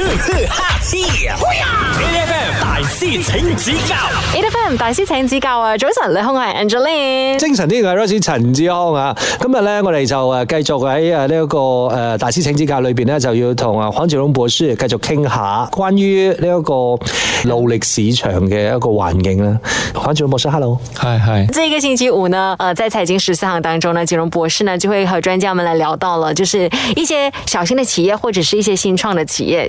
哈哈師，哎呀！A F M 大師請指教，A F M 大師請指教啊！早晨，你好，我係 Angeline，精神啲嘅係 Royce 陳志安啊！今日咧，我哋就誒繼續喺誒呢一個誒大師請指教裏邊咧，就要同啊黃錦榮博士繼續傾下關於呢一個勞力市場嘅一個環境啦。黃錦榮博士，hello，係係。呢一個星期五呢，誒，在財經十四行當中呢，錦榮博士呢就會和專家們來聊到了，就是一些小型嘅企業或者是一些新創嘅企業，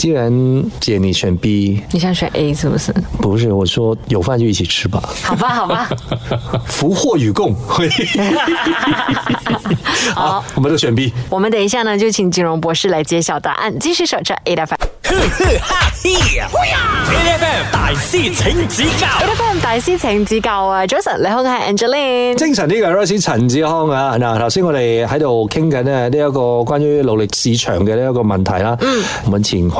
既然姐你選 B，你想選 A 是不是？不是，我說有飯就一起吃吧。好吧，好吧，福禍與共 好。好，我們都選 B。我們等一下呢，就請金融博士來揭曉答案。繼續守着 A FM。 A FM 大師請指教。A FM 大師請指教啊，Joseph 你好，係 Angeline。精神呢、這個老師陳志康啊，嗱頭先我哋喺度傾緊啊呢一個關於勞力市場嘅呢一個問題啦。嗯。我們前。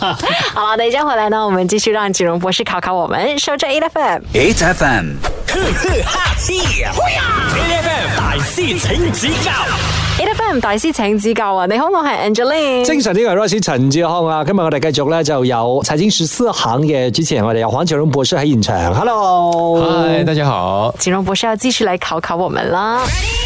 好了，等一下回來呢，我們繼續讓錦榮博士考考我們。收轉八 FM，八 FM，呵呵哈西，八 FM 大師請指教，八 FM 大師請指教啊！你好嗎 Angeline? 今天我人，我是 Angeline，精神呢位是陳志康啊。今日我哋繼續咧，就有《財經十四行》嘅主持人，我哋有黃錦榮博士喺現場。Hello，h 嗨，Hi, 大家好，錦榮博士要繼續來考考我們啦。Ready?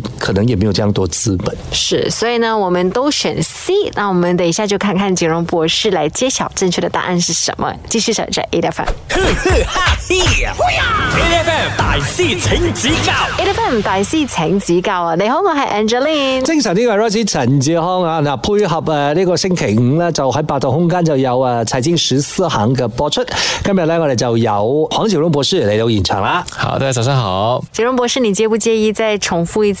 可能也沒有這樣多資本，是，所以呢，我們都選 C。那我們等一下就看看錦榮博士來揭曉正確的答案是什麼。繼續上車，FM。e 呵哈嘿，FM 大師請指教 e f t 大師請指教啊！你好，我係 Angeline 精神呢位 Royce 陳志康啊，嗱配合誒呢個星期五呢，就喺八度空間就有誒財經十四行嘅播出。今日咧我哋就有黃錦榮博士嚟到現場啦。好，大家早上好，錦榮博士，你介不介意再重複一次？